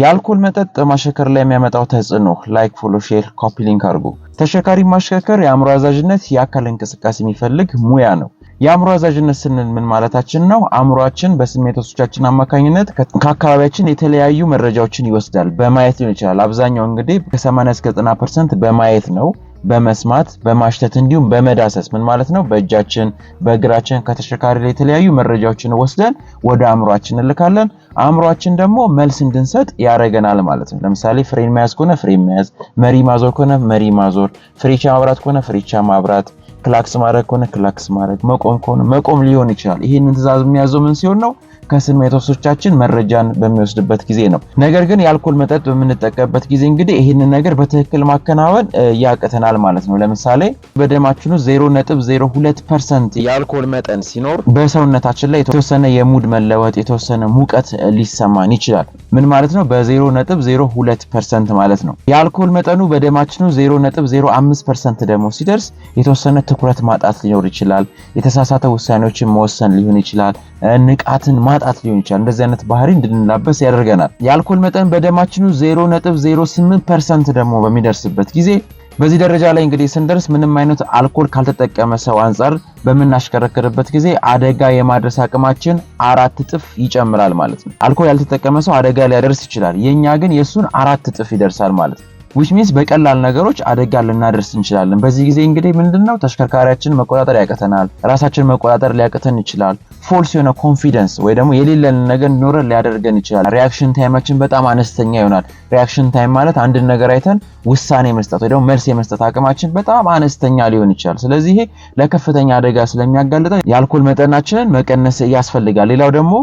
የአልኮል መጠጥ ማሸከር ላይ የሚያመጣው ተጽዕኖ ላይክ፣ ፎሎ፣ ሼር፣ ኮፒ ሊንክ አድርጉ። ተሸካሪ ማሽከርከር የአእምሮ አዛዥነት የአካል እንቅስቃሴ የሚፈልግ ሙያ ነው። የአእምሮ አዛዥነት ስንል ምን ማለታችን ነው? አእምሯችን በስሜቶቻችን አማካኝነት ከአካባቢያችን የተለያዩ መረጃዎችን ይወስዳል። በማየት ሊሆን ይችላል። አብዛኛው እንግዲህ ከ80 እስከ 90 ፐርሰንት በማየት ነው። በመስማት በማሽተት እንዲሁም በመዳሰስ ምን ማለት ነው? በእጃችን በእግራችን ከተሽከርካሪ ላይ የተለያዩ መረጃዎችን ወስደን ወደ አእምሯችን እንልካለን። አእምሯችን ደግሞ መልስ እንድንሰጥ ያደረገናል ማለት ነው። ለምሳሌ ፍሬን መያዝ ከሆነ ፍሬን መያዝ፣ መሪ ማዞር ከሆነ መሪ ማዞር፣ ፍሬቻ ማብራት ከሆነ ፍሬቻ ማብራት ክላክስ ማድረግ ከሆነ ክላክስ ማድረግ፣ መቆም ከሆነ መቆም ሊሆን ይችላል። ይህንን ትእዛዝ የሚያዘው ምን ሲሆን ነው? ከስሜቶሶቻችን መረጃን በሚወስድበት ጊዜ ነው። ነገር ግን የአልኮል መጠጥ በምንጠቀምበት ጊዜ እንግዲህ ይህንን ነገር በትክክል ማከናወን ያቅተናል ማለት ነው። ለምሳሌ በደማችን ውስጥ 0.02 ፐርሰንት የአልኮል መጠን ሲኖር በሰውነታችን ላይ የተወሰነ የሙድ መለወጥ፣ የተወሰነ ሙቀት ሊሰማን ይችላል። ምን ማለት ነው? በ0.02 ፐርሰንት ማለት ነው። የአልኮል መጠኑ በደማችን 0.05 ፐርሰንት ደግሞ ሲደርስ የተወሰነ ትኩረት ማጣት ሊኖር ይችላል። የተሳሳተ ውሳኔዎችን መወሰን ሊሆን ይችላል። ንቃትን ማጣት ሊሆን ይችላል። እንደዚህ አይነት ባህሪ እንድንላበስ ያደርገናል። የአልኮል መጠን በደማችን 0.08 ፐርሰንት ደግሞ በሚደርስበት ጊዜ በዚህ ደረጃ ላይ እንግዲህ ስንደርስ ምንም አይነት አልኮል ካልተጠቀመ ሰው አንጻር በምናሽከረክርበት ጊዜ አደጋ የማድረስ አቅማችን አራት እጥፍ ይጨምራል ማለት ነው። አልኮል ያልተጠቀመ ሰው አደጋ ሊያደርስ ይችላል። የኛ ግን የሱን አራት እጥፍ ይደርሳል ማለት ነው። ዊች ሚንስ በቀላል ነገሮች አደጋ ልናደርስ እንችላለን። በዚህ ጊዜ እንግዲህ ምንድነው ተሽከርካሪያችን መቆጣጠር ያቅተናል፣ ራሳችን መቆጣጠር ሊያቅተን ይችላል። ፎልስ የሆነ ኮንፊደንስ ወይ ደግሞ የሌለን ነገር እንዲኖረን ሊያደርገን ይችላል። ሪያክሽን ታይማችን በጣም አነስተኛ ይሆናል። ሪያክሽን ታይም ማለት አንድን ነገር አይተን ውሳኔ መስጠት ወይ ደግሞ መልስ የመስጠት አቅማችን በጣም አነስተኛ ሊሆን ይችላል። ስለዚህ ይሄ ለከፍተኛ አደጋ ስለሚያጋልጠን የአልኮል መጠናችንን መቀነስ ያስፈልጋል። ሌላው ደግሞ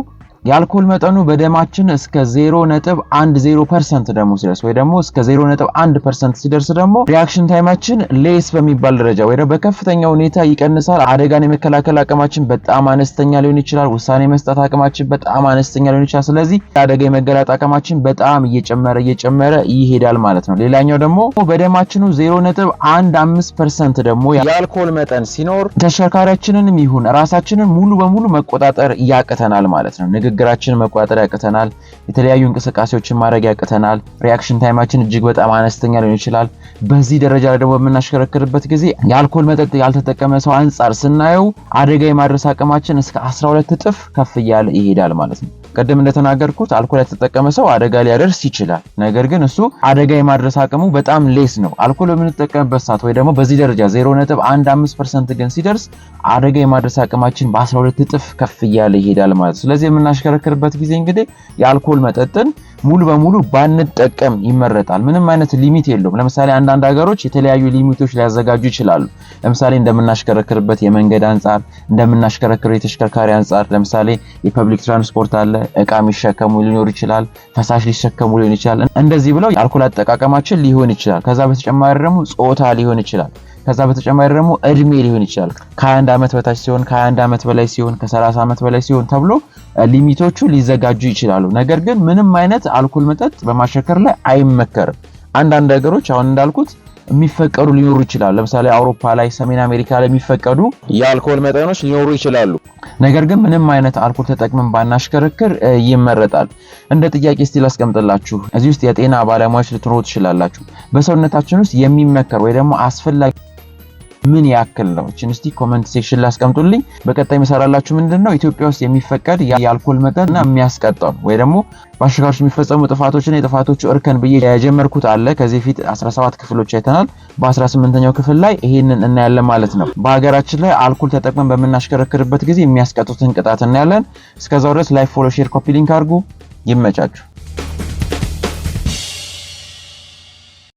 የአልኮል መጠኑ በደማችን እስከ 0.10% ደግሞ ሲደርስ ወይ ደግሞ እስከ 0.1% ሲደርስ ደግሞ ሪአክሽን ታይማችን ሌስ በሚባል ደረጃ ወይ ደግሞ በከፍተኛ ሁኔታ ይቀንሳል። አደጋን የመከላከል አቅማችን በጣም አነስተኛ ሊሆን ይችላል። ውሳኔ መስጠት አቅማችን በጣም አነስተኛ ሊሆን ይችላል። ስለዚህ አደጋ የመገላጥ አቅማችን በጣም እየጨመረ እየጨመረ ይሄዳል ማለት ነው። ሌላኛው ደግሞ በደማችን 0.15% ደግሞ የአልኮል መጠን ሲኖር ተሽከርካሪያችንንም ይሁን ራሳችንን ሙሉ በሙሉ መቆጣጠር ያቅተናል ማለት ነው። ችግራችን መቆጣጠር ያቅተናል። የተለያዩ እንቅስቃሴዎችን ማድረግ ያቅተናል። ሪያክሽን ታይማችን እጅግ በጣም አነስተኛ ሊሆን ይችላል። በዚህ ደረጃ ላይ ደግሞ በምናሽከረክርበት ጊዜ የአልኮል መጠጥ ያልተጠቀመ ሰው አንጻር ስናየው አደጋ የማድረስ አቅማችን እስከ 12 እጥፍ ከፍ እያለ ይሄዳል ማለት ነው። ቅድም እንደተናገርኩት አልኮል ያልተጠቀመ ሰው አደጋ ሊያደርስ ይችላል። ነገር ግን እሱ አደጋ የማድረስ አቅሙ በጣም ሌስ ነው። አልኮል በምንጠቀምበት ሰዓት ወይ ደግሞ በዚህ ደረጃ 0.15 ግን ሲደርስ አደጋ የማድረስ አቅማችን በ12 እጥፍ ከፍ እያለ ይሄዳል ማለት። ስለዚህ የምናሽከረክርበት ጊዜ እንግዲህ የአልኮል መጠጥን ሙሉ በሙሉ ባንጠቀም ይመረጣል። ምንም አይነት ሊሚት የለውም። ለምሳሌ አንዳንድ ሀገሮች የተለያዩ ሊሚቶች ሊያዘጋጁ ይችላሉ። ለምሳሌ እንደምናሽከረክርበት የመንገድ አንጻር፣ እንደምናሽከረክረው የተሽከርካሪ አንጻር፣ ለምሳሌ የፐብሊክ ትራንስፖርት አለ። እቃ የሚሸከሙ ሊኖር ይችላል፣ ፈሳሽ ሊሸከሙ ሊሆን ይችላል። እንደዚህ ብለው የአልኮል አጠቃቀማችን ሊሆን ይችላል። ከዛ በተጨማሪ ደግሞ ጾታ ሊሆን ይችላል። ከዛ በተጨማሪ ደግሞ እድሜ ሊሆን ይችላል። ከ21 ዓመት በታች ሲሆን፣ ከ21 ዓመት በላይ ሲሆን፣ ከ30 ዓመት በላይ ሲሆን ተብሎ ሊሚቶቹ ሊዘጋጁ ይችላሉ። ነገር ግን ምንም አይነት አልኮል መጠጥ በማሸከር ላይ አይመከርም። አንዳንድ ነገሮች አሁን እንዳልኩት የሚፈቀዱ ሊኖሩ ይችላሉ። ለምሳሌ አውሮፓ ላይ፣ ሰሜን አሜሪካ ላይ የሚፈቀዱ የአልኮል መጠኖች ሊኖሩ ይችላሉ። ነገር ግን ምንም አይነት አልኮል ተጠቅመን ባናሽከርክር ይመረጣል። እንደ ጥያቄ ስቲል አስቀምጥላችሁ እዚህ ውስጥ የጤና ባለሙያዎች ልትኖሩ ትችላላችሁ። በሰውነታችን ውስጥ የሚመከር ወይ ደግሞ አስፈላጊ ምን ያክል ነው? እችን እስቲ ኮመንት ሴክሽን ላስቀምጡልኝ። በቀጣይ መሰራላችሁ ምንድን ነው ኢትዮጵያ ውስጥ የሚፈቀድ የአልኮል መጠን እና የሚያስቀጣው ወይ ደግሞ በአሽከርካሪዎች የሚፈጸሙ ጥፋቶችና የጥፋቶቹ እርከን ብዬ የጀመርኩት አለ። ከዚህ ፊት 17 ክፍሎች አይተናል። በ18ኛው ክፍል ላይ ይሄንን እናያለን ማለት ነው። በሀገራችን ላይ አልኮል ተጠቅመን በምናሽከረክርበት ጊዜ የሚያስቀጡትን ቅጣት እናያለን። እስከዛው ድረስ ላይክ፣ ፎሎ፣ ሼር፣ ኮፒ ሊንክ አድርጉ። ይመቻችሁ።